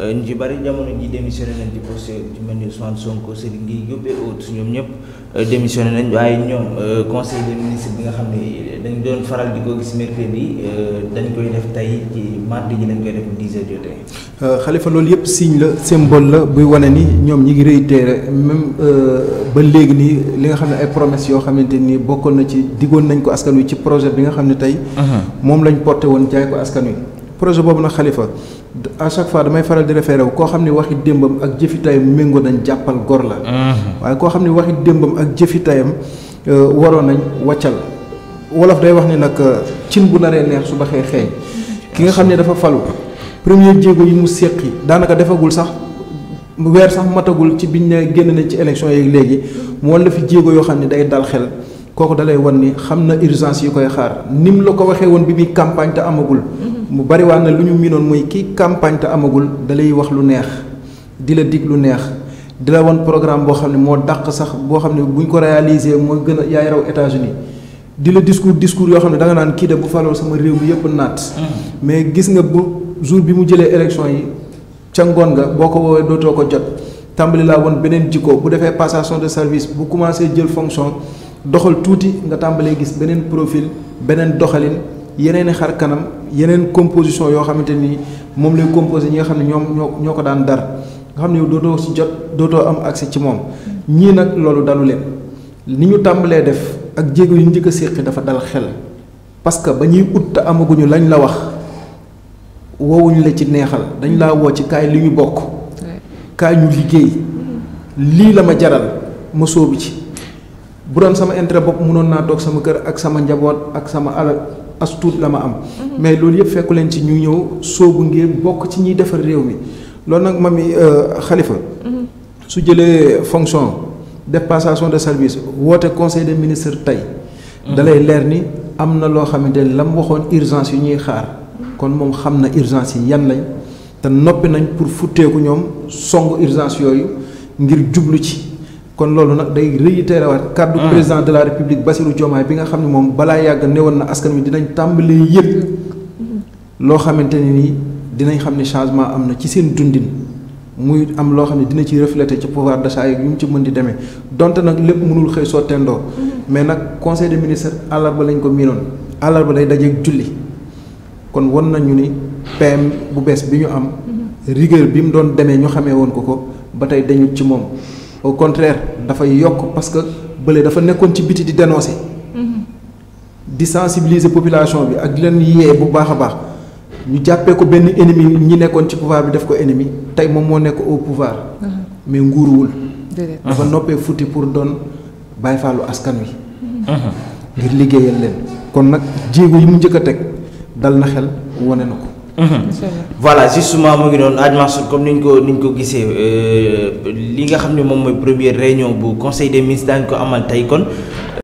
Euh, ñu ci bari jamono ji démissionné nañ ci poste ci mel ni Ousmane Sonko Serigne Gueye Diop ñoom ñëpp euh, démissionné nañ waaye ñoom euh, conseil des bi nga xam ne dañ doon faral di ko gis mercredi dañ koy tey ci mardi ji dañ koy def dix heures jotee. loolu yëpp signe la symbole la buy wane ni ñoom ñi ngi réitéré même ba léegi nii li nga xam ne ay promesses yoo xamante ni bokkoon na ci diggoon nañ ko askan wi ci projet bi nga xam ne tey. moom lañ porté woon jaay ko askan wi. projet boobu nag xalifa a chaque fois damay faral di référé wu koo xam ne waxi démbam ak jëfi tayam méngoo nañ jàppal gor la. Mhm. waaye koo xam ne waxi démbam ak jëfi tayam euh, waroon nañ waccal wolof day wax ni nag euh, cin bu naree neex su baxee xeeñ ki nga xam ne dafa falu premier jéego yi mu séqi daanaka defagul sax weer sax matagul ci biñ ne génn nañ ci élection yi léegi mu wan la fi jéego yoo xam ne day dal xel kooku dalay wan ni xam na urgence yi koy xaar ni mu la ko waxee woon bi muy campagne te amagul mu bari waa lu ñu miinoon mooy kii campagne te amagul dalay wax lu neex di la dig lu neex di la wan programme boo xam ne moo dàq sax boo xam ne bu ñu ko réaliser mooy gën a yaay raw États-Unis di la discours discours yoo xam ne da nga naan kii de bu faloo sama réew mi yëpp naat. Mm. mais gis nga bu jour bi mu jëlee élection yi ca ngoon nga boo ko woowee dootoo ko jot tàmbali laa woon beneen jikko bu defee passation de service bu commencé jël fonction doxal tuuti nga tàmbalee gis beneen profil beneen doxalin yeneen i xar kanam. yeneen composition yoo xamante nii moom lay composé ñi nga xam ne ñoom ñoo ñoo ko daan dar nga xam ne dootoo si jot dootoo am accès ci moom ñii nag loolu dalu ni ñu tàmbalee def ak jéego yu njëkk a séqi dafa dal xel parce que ba ñuy ut te amaguñu lañ la wax woowuñu la ci neexal dañ laa woo ci kaay li ñu bokk kaay ñu liggéey lii la ma jaral ma sóobu ci bu doon sama intérêt bopp mënoon naa toog sama kër ak sama njaboot ak sama alal as tuut la ma am. mais loolu yëpp fekku leen ci ñu ñëw soobu ngir bokk ci ñuy defar réew mi loolu nag mami xalifa euh, su jëlee fonction depassation de service woote conseil des ministres tey. dalay leer ni am na loo xamante ne la mu waxoon urgence yu ñuy xaar. kon moom xam na urgence yi yan lañ te noppi nañ pour futteeku ñoom song urgence yooyu ngir jublu ci. kon loolu nag day réitéré waat kàddu ah. président de la république Bassirou Diomaye bi nga xam ne moom balaa yàgg newoon na askan wi dinañ tàmbalee yëg loo xamante ne nii dinañ xam ne changement am na ci seen dundin muy am loo xam ne dina ci refléter ci pouvoir d'achat yi mu ci mën di demee donte nag lépp mënul xëy tendoo mm-hmm. mais nag conseil des ministres àllarba lañ ko miinoon àllarba day dajeeg julli kon won nañu ni PM bu bees bi ñu am mm-hmm. rigueur bi mu doon demee ñu xamee woon ko ko ba tey dañu ci moom au contraire dafay parce que ci dénoncer. Mm-hmm. di sensibiliser population bi ak yé bu ñu ennemi ñi ci pouvoir bi def ko ennemi nekk au pouvoir. Mm-hmm. mais pas dafa noppé ils pour bay fallu askan wi. Mm-hmm. ngir liggéeyal kon yi mu dal na xel voilà justement mo ngi comme nous ko niñ euh, réunion bu conseil des ministres